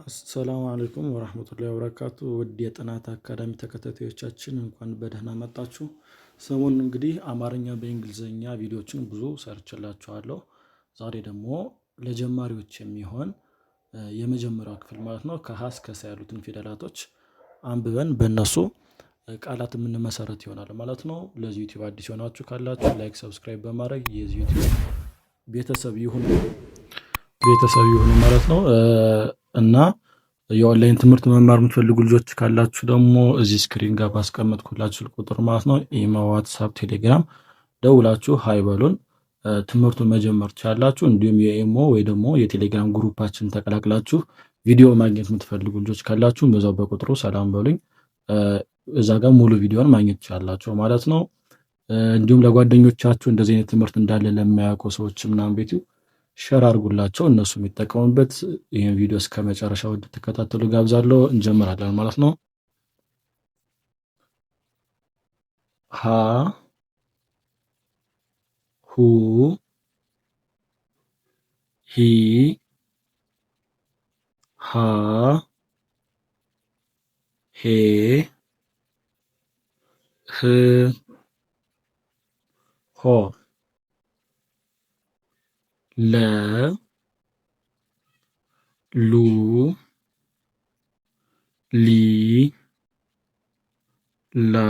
አሰላሙ አለይኩም ወራህመቱላሂ ወበረካቱ ውድ የጥናት አካዳሚ ተከታታዮቻችን እንኳን በደህና መጣችሁ። ሰሞኑን እንግዲህ አማርኛ በእንግሊዝኛ ቪዲዮችን ብዙ ሰርችላችኋለሁ። ዛሬ ደግሞ ለጀማሪዎች የሚሆን የመጀመሪያው ክፍል ማለት ነው ከሀ እስከ ሰ ያሉትን ፊደላቶች አንብበን በእነሱ ቃላት የምንመሰረት ይሆናል ማለት ነው። ለዚህ ዩቲዩብ አዲስ የሆናችሁ ካላችሁ ላይክ፣ ሰብስክራይብ በማድረግ የዚህ ዩቲዩብ ቤተሰብ ይሁኑ ቤተሰብ ይሁኑ ማለት ነው። እና የኦንላይን ትምህርት መማር የምትፈልጉ ልጆች ካላችሁ ደግሞ እዚህ ስክሪን ጋር ባስቀመጥኩላችሁ ስልክ ቁጥር ማለት ነው፣ ኢሞ፣ ዋትሳፕ፣ ቴሌግራም ደውላችሁ ሀይ በሉን ትምህርቱን መጀመር ትችላላችሁ። እንዲሁም የኢሞ ወይ ደግሞ የቴሌግራም ግሩፓችን ተቀላቅላችሁ ቪዲዮ ማግኘት የምትፈልጉ ልጆች ካላችሁ በዛው በቁጥሩ ሰላም በሉኝ። እዛ ጋር ሙሉ ቪዲዮን ማግኘት ትችላላችሁ ማለት ነው። እንዲሁም ለጓደኞቻችሁ እንደዚህ አይነት ትምህርት እንዳለ ለሚያውቁ ሰዎች ምናምን ቤቱ ሸር አድርጉላቸው እነሱ የሚጠቀሙበት። ይህን ቪዲዮ እስከ መጨረሻው እንድትከታተሉ ጋብዛለሁ። እንጀምራለን ማለት ነው። ሀ ሁ ሂ ሃ ሄ ህ ሆ ለ ሉ ሊ ላ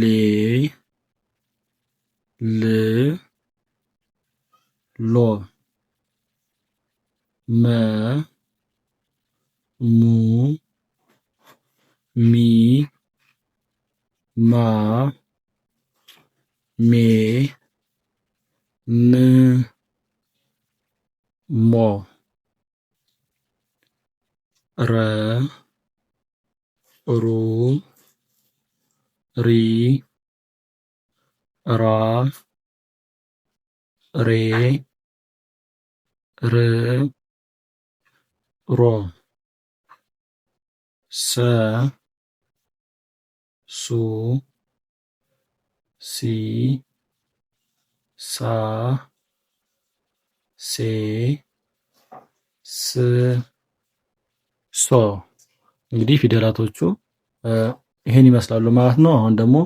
ሌ ል ሎ መ ሙ ሚ ማ ሜ ም ሞ ረ ሩ ሪ ራ ሬ ር ሮ ሰ ሱ ሲ ሳ ሴ ስ ሶ እንግዲህ ፊደላቶቹ ይህን ይመስላሉ ማለት ነው። አሁን ደግሞ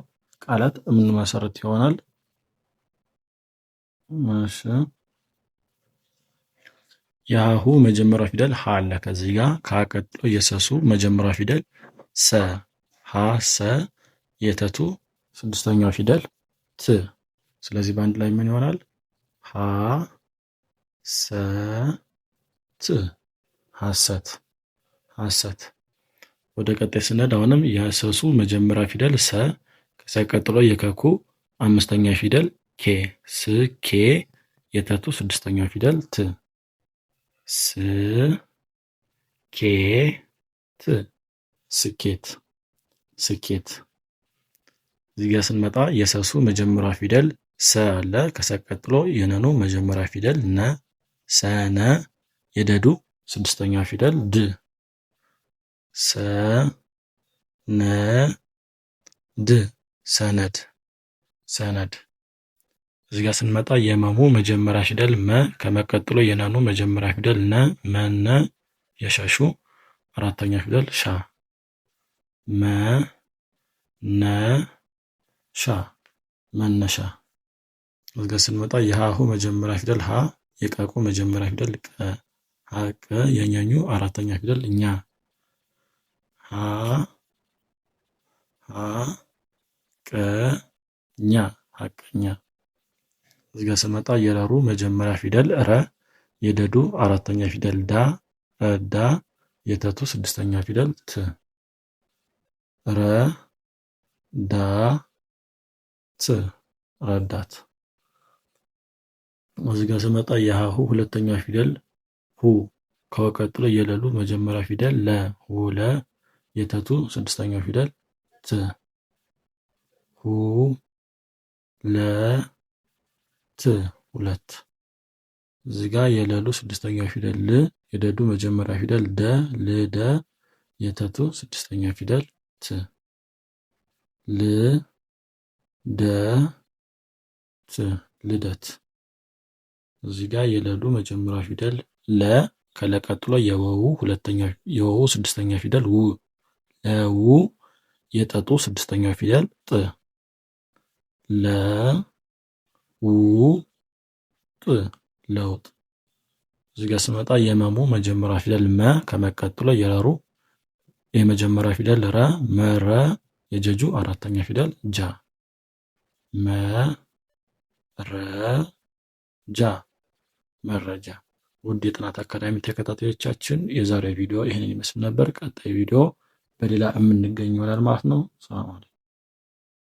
ቃላት የምንመሰርት ይሆናል። እሺ የሀሁ መጀመሪያ ፊደል ሀ አለ ከዚህ ጋር ካቀጥሎ የሰሱ መጀመሪያ ፊደል ሰ ሀ ሰ የተቱ ስድስተኛው ፊደል ት ስለዚህ በአንድ ላይ ምን ይሆናል? ሀ ሰ ት ሀሰት ሀሰት። ወደ ቀጣይ ስነድ አሁንም የሰሱ መጀመሪያ ፊደል ሰ፣ ከዚያ ቀጥሎ የከኩ አምስተኛ ፊደል ኬ ስ ኬ፣ የተቱ ስድስተኛው ፊደል ት ስ ኬ ት ስኬት ስኬት። እዚህ ስንመጣ የሰሱ መጀመሪያ ፊደል ሰ አለ። ከሰ የነኑ መጀመሪያ ፊደል ነ፣ ሰነ፣ የደዱ ስድስተኛ ፊደል ድ፣ ሰ፣ ነ፣ ድ፣ ሰነድ፣ ሰነድ። እዚህ ጋር ስንመጣ የመሙ መጀመሪያ ፊደል መ፣ ከመቀጥሎ የነኑ መጀመሪያ ፊደል ነ፣ መነ፣ የሸሹ አራተኛ ፊደል ሻ፣ መ፣ ነ፣ ሻ፣ መነሻ እዚህ ጋር ስንመጣ የሃሁ መጀመሪያ ፊደል ሀ፣ የቀቁ መጀመሪያ ፊደል ቀ፣ የኛኙ አራተኛ ፊደል እኛ፣ ሀ ሀ ቀ ኛ ሀቀኛ። እዚህ ጋር ስንመጣ የረሩ መጀመሪያ ፊደል ረ፣ የደዱ አራተኛ ፊደል ዳ፣ ረዳ የተቱ ስድስተኛ ፊደል ት ረ ዳ ት ረዳት እዚጋ ጋር ስመጣ የሀሁ ሁለተኛ ፊደል ሁ ከወቀጥሎ የለሉ መጀመሪያ ፊደል ለ ሁ ለ የተቱ ስድስተኛው ፊደል ት ሁ ለ ት ሁለት እዚህ የለሉ ስድስተኛው ፊደል ል የደዱ መጀመሪያ ፊደል ደ ል ደ የተቱ ስድስተኛ ፊደል ት ል ደ ት ልደት እዚህ ጋር የለሉ መጀመሪያ ፊደል ለ ከለ ቀጥሎ የወው ሁለተኛ የወው ስድስተኛ ፊደል ው ለው የጠጡ ስድስተኛ ፊደል ጥ ለ ው ጥ ለውጥ። እዚህ ጋር ስመጣ የመሙ መጀመሪያ ፊደል መ ከመቀጥሎ የረሩ የመጀመሪያ ፊደል ረ መረ የጀጁ አራተኛ ፊደል ጃ መ ረ ጃ መረጃ። ውድ የጥናት አካዳሚ ተከታታዮቻችን የዛሬ ቪዲዮ ይህንን ይመስል ነበር። ቀጣይ ቪዲዮ በሌላ የምንገኝ ይሆናል ማለት ነው። ሰላም